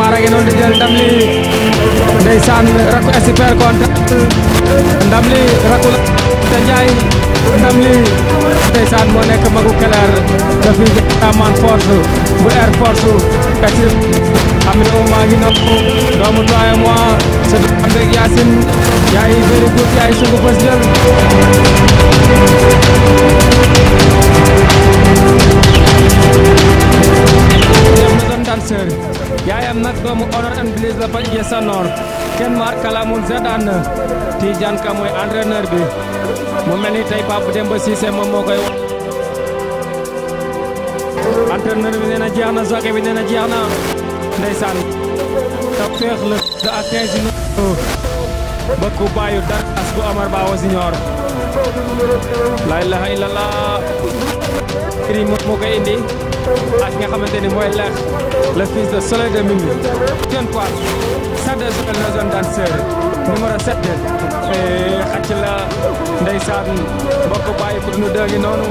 Mar a ngi noonu di jël ndam li ndeysaan rakku expert contact ndam li rakku la te Ndiaye ndam li ndeysaan moo nekk magu Keleer dafi jaman force bu air force kati am na maa doomu doye sa am rek Yacine yaay very yaay sugu fas Come honor and bless the Jason North Ken Mar Kalamun Zedan Tidiane Ka mooy entraîneur bi mu mel ni tey Pape Demba Cissé moo koy entraîneur bi nee na jeex na soke bi nee na jeex na ndeysaan ta feex le da a 15 ba ku bàyyu dara as bu Amar Ba wa Signor la ilaha illallah kiri moo koy indi ak nga xamante ni mooy leex le fils de Soleil de Mingu ten quoi sardes sukal na zone danseur numéro 7 eh, xacc la ndeysaan mbokk bàyyi pour nu dëngi noonu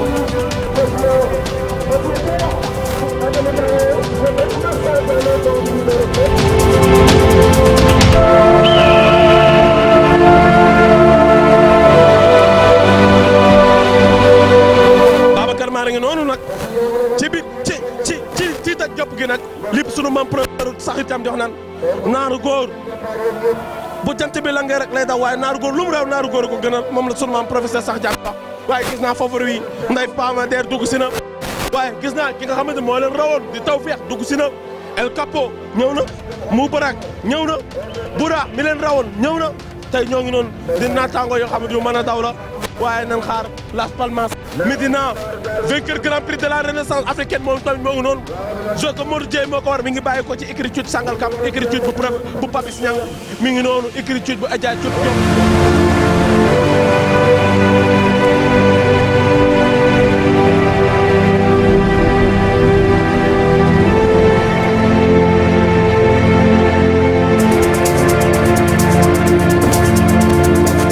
Thank you. gi nag lépp sunu maam première sax itam di wax naan góor bu jant bi la ngay rek lay waaye naar góor lu mu réew naaru góor ko gën a moom la sunu maam professeur sax jàng wax waaye gis naa foofu wi nday paama deer dugg si na waaye gis naa ki nga xamante moo leen rawoon di taw feex dugg si na El Capo ñëw na mu barak ñëw na Bura mi leen rawoon ñëw na tey ñoo ngi noon di naataango yoo xam ne yu mën a waaye nañ xaar Las Palmas Médina vainqueur grand prix de la renaissance africaine moom tamit moo ngi noonu jo ko Modou Dieye moo ko mi ngi bàyyi ko ci écriture Sangalkam écriture bu prep bu Papis Niang mi ngi noonu écriture bu Adja Diop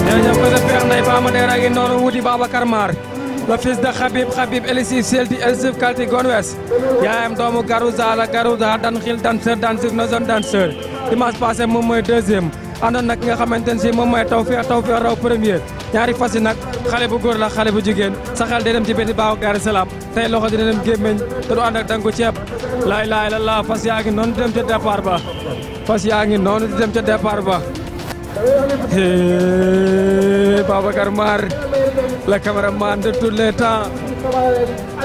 jërëjëf Père Ndeye Ba Madère a ngi noonu wuti Babacar Mar le fils de Khabib Khabib Elisif Seldi Elsif Kalti Gonwes yaayam doomu Garouza la Garouza dan xil danseur danseur no zone danseur dimanche passé moom mooy deuxième àndoon nag nga xamante ne si moom mooy Tawfekh Tawfekh raw premier ñaari fas yi nag xale bu góor la xale bu jigéen sa xel day dem ci benn baaw gaari salaam tey loxo dina dem gémmeñ te du ànd ak dangu ceeb laay laay la laa fas yaa ngi non di dem ca départ ba fas yaa ngi noonu dem ca départ ba Babacar Mar le caméraman de tout le temps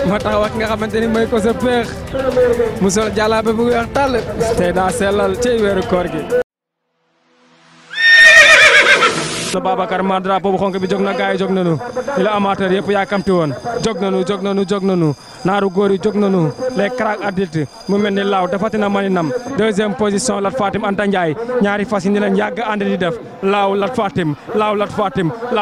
ma taxaw nga xamante ni mooy ko sa peex mu sol jàllaabe bu weex tàll tey daa ci weeru koor gi la Babacar Mar drapeau bu xonk bi jóg na gaay yi jóg nañu li la amateur yëpp yaakamti woon jóg nañu jóg nañu jóg nañu naaru góor yi jóg nañu les crack adultes mu mel ni laaw dafa tina maninam deuxième position Lat Fatim Anta Ndiaye ñaari fas yi ni lañ yàgg ànd di def laaw Lat Fatim laaw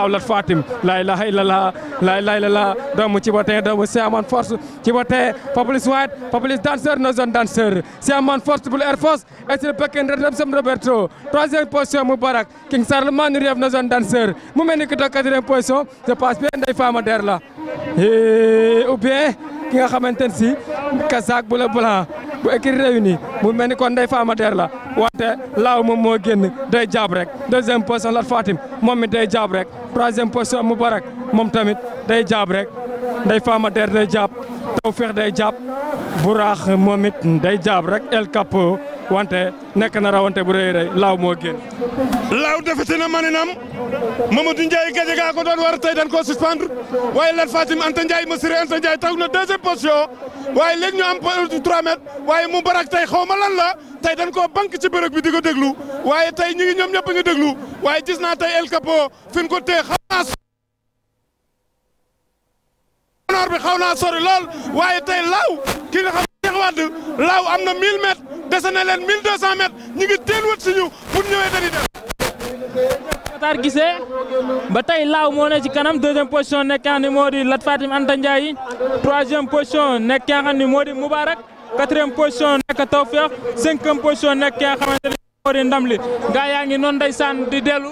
Lat Fatim laay la hay la la laay laay la la doomu ci ba tee doomu siaman force ci ba tee Fabulous White Fabulous danseur no zone danseur siaman force bul air force et le Pekin Redemption Roberto troisième position Moubarak King Sarlemane jeune danseur mu mel ni ki toog quatrième position je pense bien Ndeye Fama Der la ou bien ki nga xamante ne si kasaak bu la blanc bu écrit réuni mu mel ni kon Der la wante laaw moom moo génn day jaab rek deuxième position Lat Fatim moom mi day jaab rek troisième position Moubarak moom tamit day jaab rek Ndeye Fama Der day jaab Tawfeex day jaab Buraax moom it day jaab rek El Capo wante nekk na rawante bu rëy rëy laaw moo génn. laaw defati na maninam Mamadou Ndiaye Gadiaga ko doon war tey dañ koo suspendre waaye Lat Fatim Anta Ndiaye Massiré Anta Ndiaye taw na deuxième position waaye léegi ñu am 3 euh, mètres waaye mu barak tey xaw ma lan la tey dañ koo bank ci bërëb bi di ko déglu waaye tey ñi ngi ñoom ñëpp ngi déglu waaye gis naa tey El Capo fi ko téye xaw bi xaw naa sori lool waaye tey laaw ki nga xam Wade laaw am na 1000 mètres dese na leen 1200 mètres ngi teel wët si ñu ñëwee dañuy dem. Matar Guissé ba tey laaw moo ne ci kanam deuxième position nekk nga xam ne moo di Lat Fatim Anta Ndiaye troisième position nekk nga xam ne moo di Moubarak quatrième position nekk Tawfekh cinquième position nekk nga xamante moo di Ndamli gaa yaa ngi noon ndeysaan di dellu.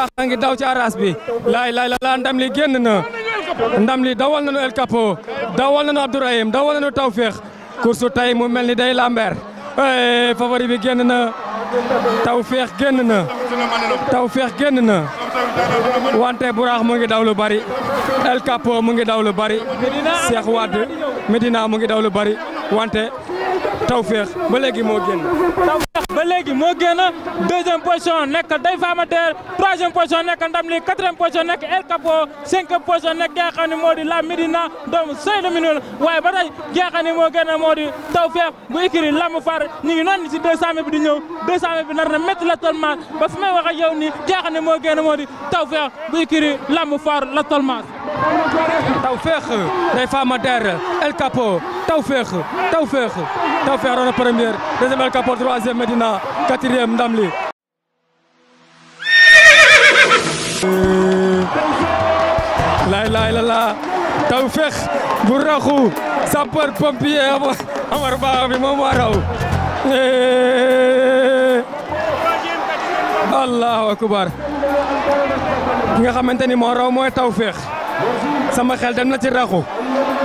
maa ngi daw ci aras bi laay laay laa ndam li génn na ndam li dawal na El Capo dawal nañu Abdourahim dawal nañu Tawféex course tay mu mel ni day lamber eh, favori bi génn na Tawféex génn na Tawféex génn na wante Buraax mu ngi daw lu bari El mu ngi daw lu bari Cheikh Wade Medina mu ngi daw lu bari wante tawféex ba léegi moo génn. tawféex ba léegi moo génn deuxième position nekk day famateur troisième position nekk ndam li quatrième position nekk El Capo cinquième position nekk ki nga moo di la Médina doomu Seydou Minoune waaye ba tey ki nga xam ne moo génn moo di tawféex bu ikiri lamu far ñu noonu si 200000 bi di ñëw 200000 bi nar na métti la tolmaas ba fi may wax moo génn moo di tawféex bu ikiri lamu far la tawféex day Famara El Capo tawféex tawféex tawféex doon na première deuxième El Capo troisième Medina quatrième ndam li lay lay la la tawféex bu raxu sapeur pompier Amar Ba bi moom moo raw allahu akbar ki nga xamante ni moo raw mooy tawféex sama xel dem na ci raxu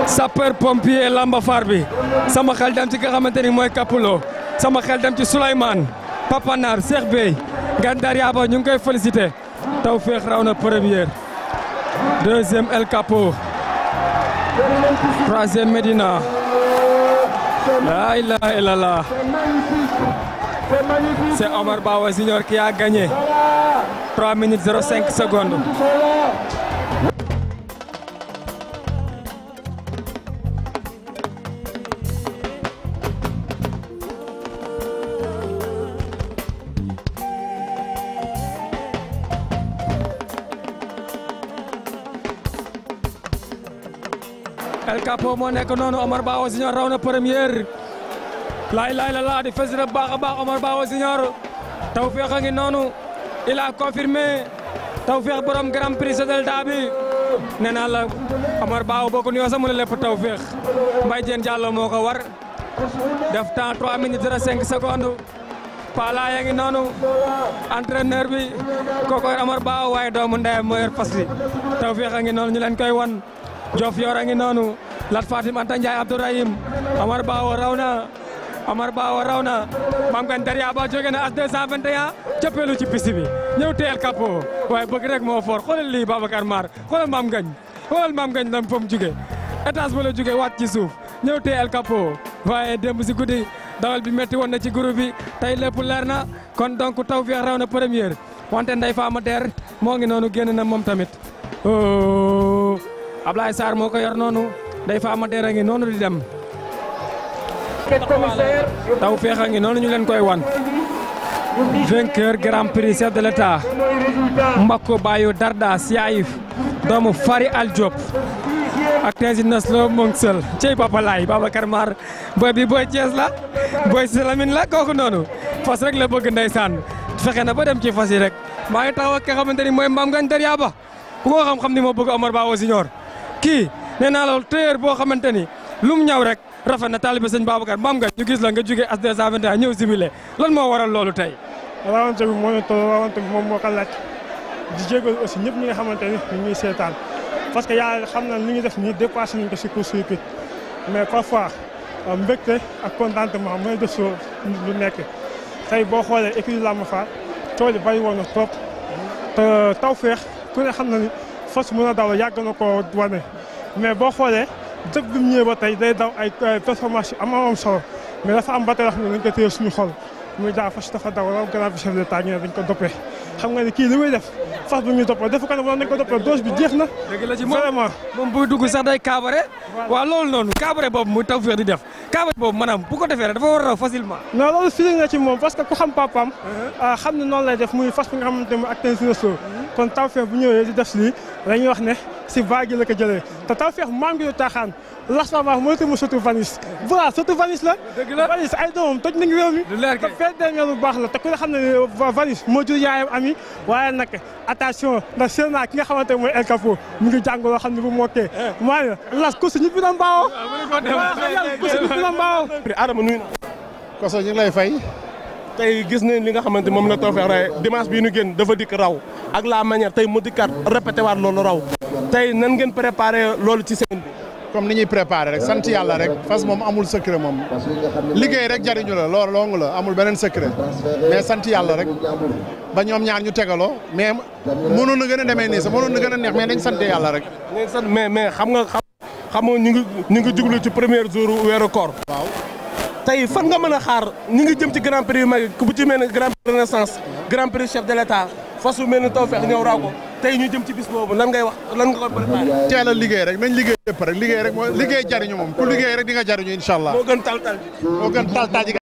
sapeur pompier lamba far bi sama xel dem ci nga xamante ni mooy Kapulo sama xel dem ci Souleymane Papanar Cheikh Bey Gandar Yaba ñu ngi koy félicité Tawfekh raw na première deuxième El Capo troisième Medina la ilaha illallah c'est Omar Bawa Junior qui a gagné 3 minutes secondes El Capo mo nek nonu Omar Bawo Senior rawna premier lay lay la la laa di fës na baax a Omar Bawo Senior tawfiq ngi nonu il a confirmé tawfiq borom grand prix Zelda dabi nena la Omar Bawo boko ko sama lepp tawfiq ne lépp tawfeex Mbaye Diène Diallo moo war def temps 3 minutes 05 secondes Pala ya ngi nonu entraîneur bi koko Omar Bawo waaye doomu ndey moo yor fas wi ngi nonu ñu len koy won Diofior a ngi nonu Lat Fatim Anta Ndiaye Abdourahim Amar Bawo Rawna Amar Bawo Rawna Mame Gane Daria Ba jóge na as 221 cëppeelu ci piste bi ñëw teel kapo waaye bëgg rek moo for xoolal lii Babacar Mar xoolal Mame Gane xoolal Mame Gane fa mu jóge étage ba la jóge waat ci suuf ñëw teel kapo waaye démb si guddi dawal bi métti woon na ci groupe bi tey lépp leer na kon donc taw bi raw na première wante nday faama der moo ngi noonu génn na moom tamit oo oh, Sarr day fa amateur rangi nonu di dem taw feex a ngi ñu leen koy wan vainqueur grand prix de l'état mbako bayo darda siaif domu fari al job ak tey naslo monsel cey papa lay baba karmar boy bi boy ties la boy Salamine la koku nonu fas rek la bëgg ndaysan fexé na ba dem ci fas yi rek ma ngi taw ak nga xamante ni mooy mbaam ngañ Dariaba ku ko xam-xam ni mo bëgg Omar Ba Senior ki nee loolu téyeer boo xamante ni lu mu ñaw rek rafet na taalibe sëñ Babacar maam nga ñu gis la nga jugee s a ñëw similé lan moo waral loolu tey. rawante moo ñu toll rawante moo ko laaj di jégalu aussi ñëpp ñi nga xamante ni ñu seetaan parce que yàlla xam na ni ñu def nii dépassé nañ ko si court circuit mais parfois mbégte ak contentement mooy def soo lu nekk tey boo xoolee écurie Lamba Fall tool yi bay woon na trop te taw feex ku ne xam na ni mën a daw yàgg na koo mais bo xolé deug bi ñëw ba tay day daw ay performance am am solo mais dafa am ba tay wax ni dañ ko téye suñu xol muy da fa fas dafa daw lool grand chef de l'État dañ ko dopé xam nga ni ki li muy def fa bu ñu dopé def ko na woon nañ ko dopé dose bi jeex na. dëgg la ci moom vraiment moom buy dugg sax day cabaret wa lool non cabaret bobu muy taw féex di def cabaret bobu manam bu ko défé dafa war raw facilement. non lool fi na ci mom parce que ku xam papam xam ni non lay def muy fas bi nga xamanteni mu moom sur le si kon taw féex bu ñëwé di def lii dañuy wax ne si vague yi la ko jëlee te tawfeex maam gi du taxaan laxsama moytu mu sotu vanis voilà sotu vanis la vanis ay doomam toj nañu réew mi te fête dernière bu baax la te ku ne xam ne vanis moo jur yaayam ami waaye nag attention ndax seen naa ki nga xamante mooy El Capo mu ngi jàng loo xam ne bu mokkee eh. waaye las ku si ñit bi na mbaawoo ku si ñit bi na mbaawoo Adama nuyu ngi lay fay tey gis nañ li nga xamante moom la Tawfekh raye dimanche bii ñu génn dafa dikk raw ak la manière tey mu dikkaat répété waat loolu raw tey nan ngeen préparé loolu ci seen bi comme ni ñuy préparé rek sant yàlla rek fas moom amul secret moom liggéey rek jariñu la lool longu la amul beneen secret mais sant yàlla rek ba ñoom ñaar ñu tegaloo mais mënoon na gën a demee nii sax mënoon na gën a neex mais dañ sant yàlla rek. mais mais xam nga xam nga ñu ngi ñu ngi jublu ci premier jour weeru koor. waaw. tey fan nga mën a xaar ñu ngi jëm ci grand prix yu mag bu ci mel ne grand prix renaissance grand prix chef de l' état fas yu taw feex ñëw raw ñu jëm ci bis boobu lan ngay wax lan nga a liggéey rek nañ liggéey lépp rek liggéey rek mooy liggéey jariñu moom ku liggéey rek di nga jariñu incha allah moo